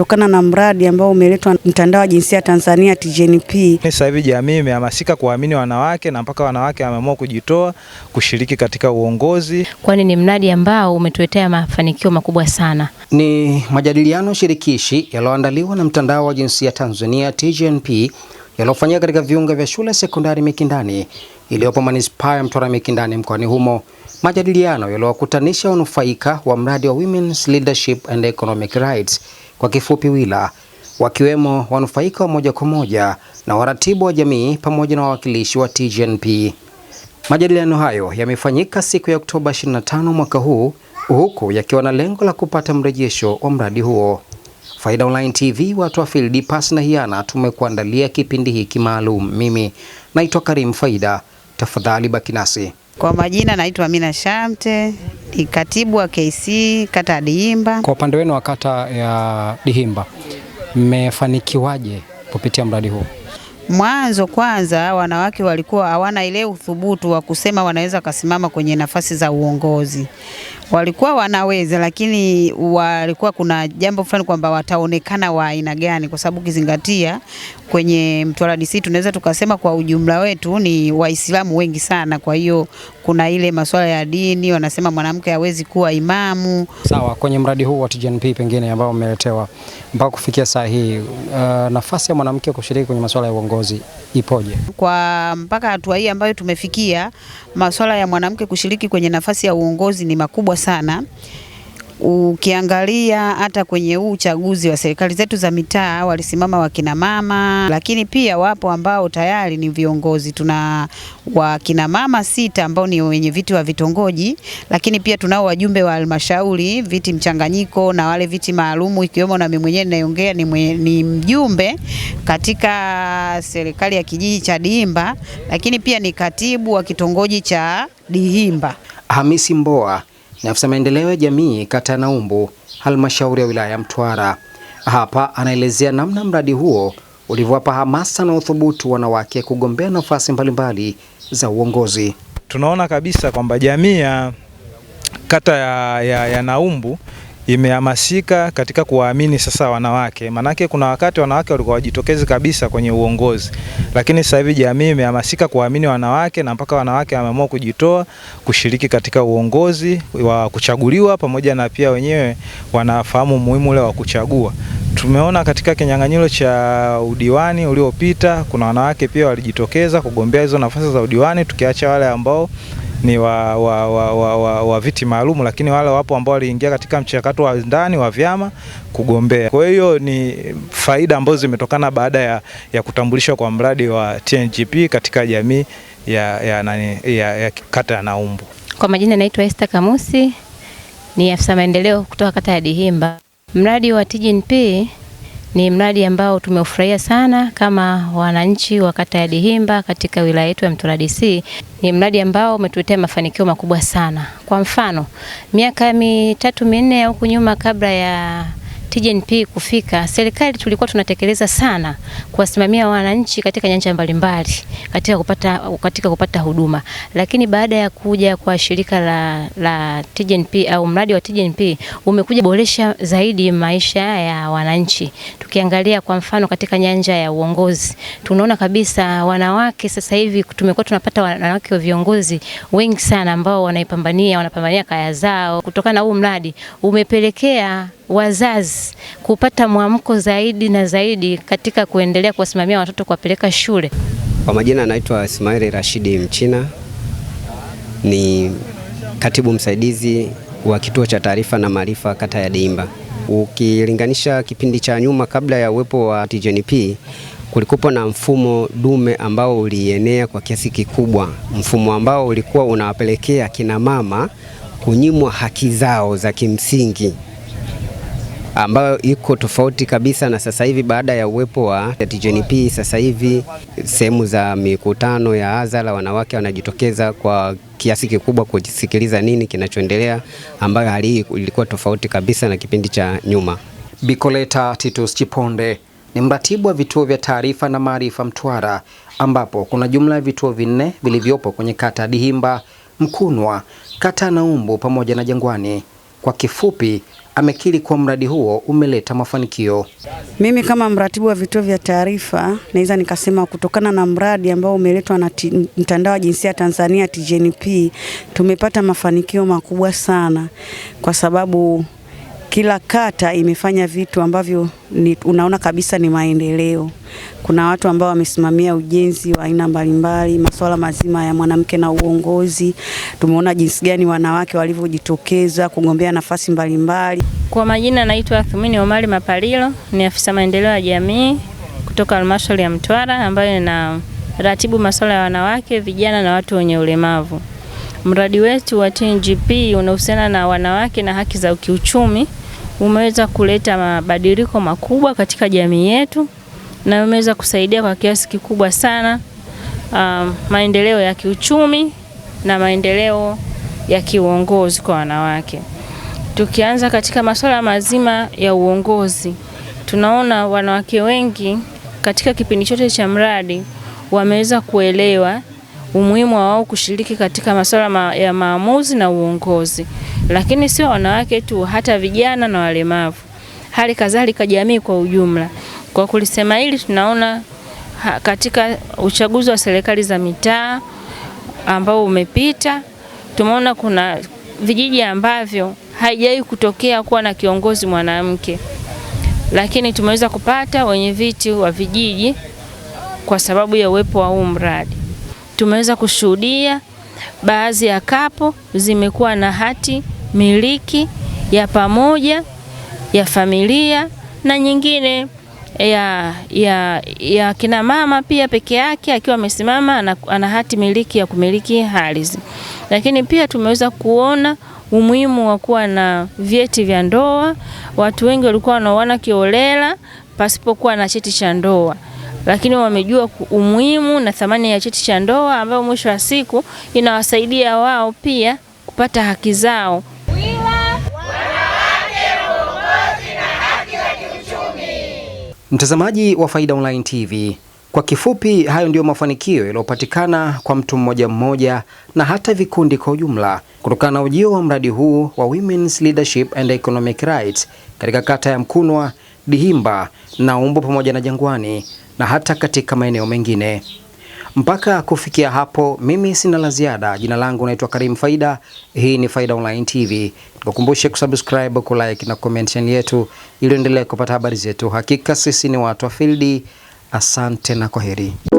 kutokana na mradi ambao umeletwa mtandao wa jinsia Tanzania TGNP. Sasa hivi jamii imehamasika kuamini wanawake na mpaka wanawake wameamua kujitoa kushiriki katika uongozi, kwani ni mradi ambao umetuletea mafanikio makubwa sana. Ni majadiliano shirikishi yaliyoandaliwa na mtandao wa jinsia Tanzania TGNP yaliyofanyika katika viunga vya shule sekondari Mikindani iliyopo manispaa ya Mtwara Mikindani mkoani humo, majadiliano yaliyowakutanisha wanufaika wa mradi wa Women's Leadership and Economic Rights kwa kifupi WILA, wakiwemo wanufaika wa moja kwa moja na waratibu wa jamii pamoja na wawakilishi wa TGNP. Majadiliano hayo yamefanyika siku ya Oktoba 25 mwaka huu huku yakiwa na lengo la kupata mrejesho wa mradi huo. Faida Online TV watu wa field pas na hiana tumekuandalia kipindi hiki maalum. Mimi naitwa Karim Faida, tafadhali baki nasi. Kwa majina naitwa Amina Shamte, ni katibu wa KC kata ya Dihimba. Kwa upande wenu wa kata ya Dihimba mmefanikiwaje kupitia mradi huu? Mwanzo kwanza, wanawake walikuwa hawana ile uthubutu wa kusema wanaweza kasimama kwenye nafasi za uongozi, walikuwa wanaweza, lakini walikuwa kuna jambo fulani kwamba wataonekana wa aina gani, kwa sababu ukizingatia kwenye Mtwara DC tunaweza tukasema kwa ujumla wetu ni Waislamu wengi sana. Kwa hiyo kuna ile masuala ya dini, wanasema mwanamke hawezi kuwa imamu. Sawa, kwenye mradi huu wa TGNP pengine ambao umeletewa mpaka kufikia saa hii, uh, nafasi ya mwanamke kushiriki kwenye masuala ya uongozi ipoje? Kwa mpaka hatua hii ambayo tumefikia, masuala ya mwanamke kushiriki kwenye nafasi ya uongozi ni makubwa sana. Ukiangalia hata kwenye huu uchaguzi wa serikali zetu za mitaa walisimama wakina mama, lakini pia wapo ambao tayari ni viongozi. Tuna wakina mama sita ambao ni wenye viti wa vitongoji, lakini pia tunao wajumbe wa halmashauri viti mchanganyiko na wale viti maalumu, ikiwemo na mimi mwenyewe ninayeongea ni, mwenye, ni mjumbe katika serikali ya kijiji cha Diimba, lakini pia ni katibu wa kitongoji cha Dihimba. Hamisi Mboa ni afisa maendeleo ya jamii kata ya Naumbu halmashauri ya wilaya ya Mtwara. Hapa anaelezea namna mradi huo ulivyowapa hamasa na uthubutu wanawake kugombea nafasi mbalimbali za uongozi. Tunaona kabisa kwamba jamii ya kata ya, ya, ya Naumbu imehamasika katika kuwaamini sasa wanawake, maanake kuna wakati wanawake walikuwa wajitokezi kabisa kwenye uongozi, lakini sasa hivi jamii imehamasika kuwaamini wanawake na mpaka wanawake wameamua kujitoa kushiriki katika uongozi wa kuchaguliwa, pamoja na pia wenyewe wanafahamu umuhimu ule wa kuchagua. Tumeona katika kinyang'anyiro cha udiwani uliopita kuna wanawake pia walijitokeza kugombea hizo nafasi za udiwani, tukiacha wale ambao ni wa, wa, wa, wa, wa, wa viti maalum, lakini wale wapo ambao waliingia katika mchakato wa ndani wa vyama kugombea. Kwa hiyo ni faida ambazo zimetokana baada ya, ya kutambulishwa kwa mradi wa TNGP katika jamii ya, ya, ya, ya, ya kata ya Naumbu. Kwa majina naitwa Esther Kamusi, ni afisa maendeleo kutoka kata ya Dihimba. Mradi wa TNGP ni mradi ambao tumeufurahia sana kama wananchi wa kata ya Dihimba katika wilaya yetu ya Mtwara DC. Ni mradi ambao umetuletea mafanikio makubwa sana. Kwa mfano, miaka mitatu minne huku nyuma kabla ya TGNP kufika, serikali tulikuwa tunatekeleza sana kuwasimamia wananchi katika nyanja mbalimbali katika kupata, katika kupata huduma, lakini baada ya kuja kwa shirika la, la TGNP au mradi wa TGNP umekuja boresha zaidi maisha ya wananchi. Tukiangalia kwa mfano katika nyanja ya uongozi, tunaona kabisa wanawake sasa hivi tumekuwa tunapata wanawake wa viongozi wengi sana ambao wanaipambania wanapambania kaya zao. Kutokana na huu mradi umepelekea wazazi kupata mwamko zaidi na zaidi katika kuendelea kuwasimamia watoto kuwapeleka shule. Kwa majina anaitwa Ismail Rashidi Mchina, ni katibu msaidizi wa kituo cha taarifa na maarifa kata ya Deimba. Ukilinganisha kipindi cha nyuma kabla ya uwepo wa TGNP kulikuwa na mfumo dume ambao ulienea kwa kiasi kikubwa, mfumo ambao ulikuwa unawapelekea kina mama kunyimwa haki zao za kimsingi ambayo iko tofauti kabisa na sasa hivi baada ya uwepo wa TGNP. Sasa hivi sehemu za mikutano ya hadhara, wanawake wanajitokeza kwa kiasi kikubwa kusikiliza nini kinachoendelea, ambayo hali hii ilikuwa tofauti kabisa na kipindi cha nyuma. Bikoleta Titus Chiponde ni mratibu wa vituo vya taarifa na maarifa Mtwara, ambapo kuna jumla ya vituo vinne vilivyopo kwenye kata Dihimba, Mkunwa, kata Naumbu pamoja na Jangwani. Kwa kifupi amekiri kuwa mradi huo umeleta mafanikio. Mimi kama mratibu wa vituo vya taarifa naweza nikasema kutokana na mradi ambao umeletwa na mtandao wa jinsia Tanzania TGNP tumepata mafanikio makubwa sana kwa sababu kila kata imefanya vitu ambavyo ni, unaona kabisa ni maendeleo. Kuna watu ambao wamesimamia ujenzi wa aina mbalimbali, masuala mazima ya mwanamke na uongozi. Tumeona jinsi gani wanawake walivyojitokeza kugombea nafasi mbalimbali mbali. Kwa majina naitwa Athumini Omari Mapalilo, ni afisa maendeleo ya jamii kutoka halmashauri ya Mtwara ambayo ina ratibu masuala ya wanawake, vijana na watu wenye ulemavu. Mradi wetu wa TNGP unahusiana na wanawake na haki za kiuchumi umeweza kuleta mabadiliko makubwa katika jamii yetu na umeweza kusaidia kwa kiasi kikubwa sana um, maendeleo ya kiuchumi na maendeleo ya kiuongozi kwa wanawake. Tukianza katika masuala mazima ya uongozi, tunaona wanawake wengi katika kipindi chote cha mradi wameweza kuelewa umuhimu wa wao kushiriki katika masuala ya maamuzi na uongozi lakini sio wanawake tu, hata vijana na walemavu, hali kadhalika jamii kwa ujumla. Kwa kulisema hili, tunaona katika uchaguzi wa serikali za mitaa ambao umepita, tumeona kuna vijiji ambavyo haijawahi kutokea kuwa na kiongozi mwanamke, lakini tumeweza kupata wenye viti wa vijiji kwa sababu ya uwepo wa huu mradi. Tumeweza kushuhudia baadhi ya kapo zimekuwa na hati miliki ya pamoja ya familia na nyingine ya, ya, ya kina mama pia peke yake akiwa amesimama ana hati miliki ya kumiliki ardhi. Lakini pia tumeweza kuona umuhimu wa kuwa na vyeti vya ndoa. Watu wengi walikuwa wanaoana kiolela pasipokuwa na cheti cha ndoa, lakini wamejua umuhimu na thamani ya cheti cha ndoa, ambayo mwisho wa siku inawasaidia wao pia kupata haki zao. Mtazamaji wa Faida Online TV, kwa kifupi, hayo ndiyo mafanikio yaliyopatikana kwa mtu mmoja mmoja na hata vikundi kwa ujumla kutokana na ujio wa mradi huu wa Women's Leadership and Economic Rights katika kata ya Mkunwa, Dihimba, Naumbo pamoja na Jangwani na hata katika maeneo mengine. Mpaka kufikia hapo, mimi sina la ziada. Jina langu naitwa Karim Faida, hii ni Faida Online TV. Nikukumbushe kusubscribe, kulike na comment channel yetu ili uendelee kupata habari zetu. Hakika sisi ni watu wa field. Asante na kwaheri.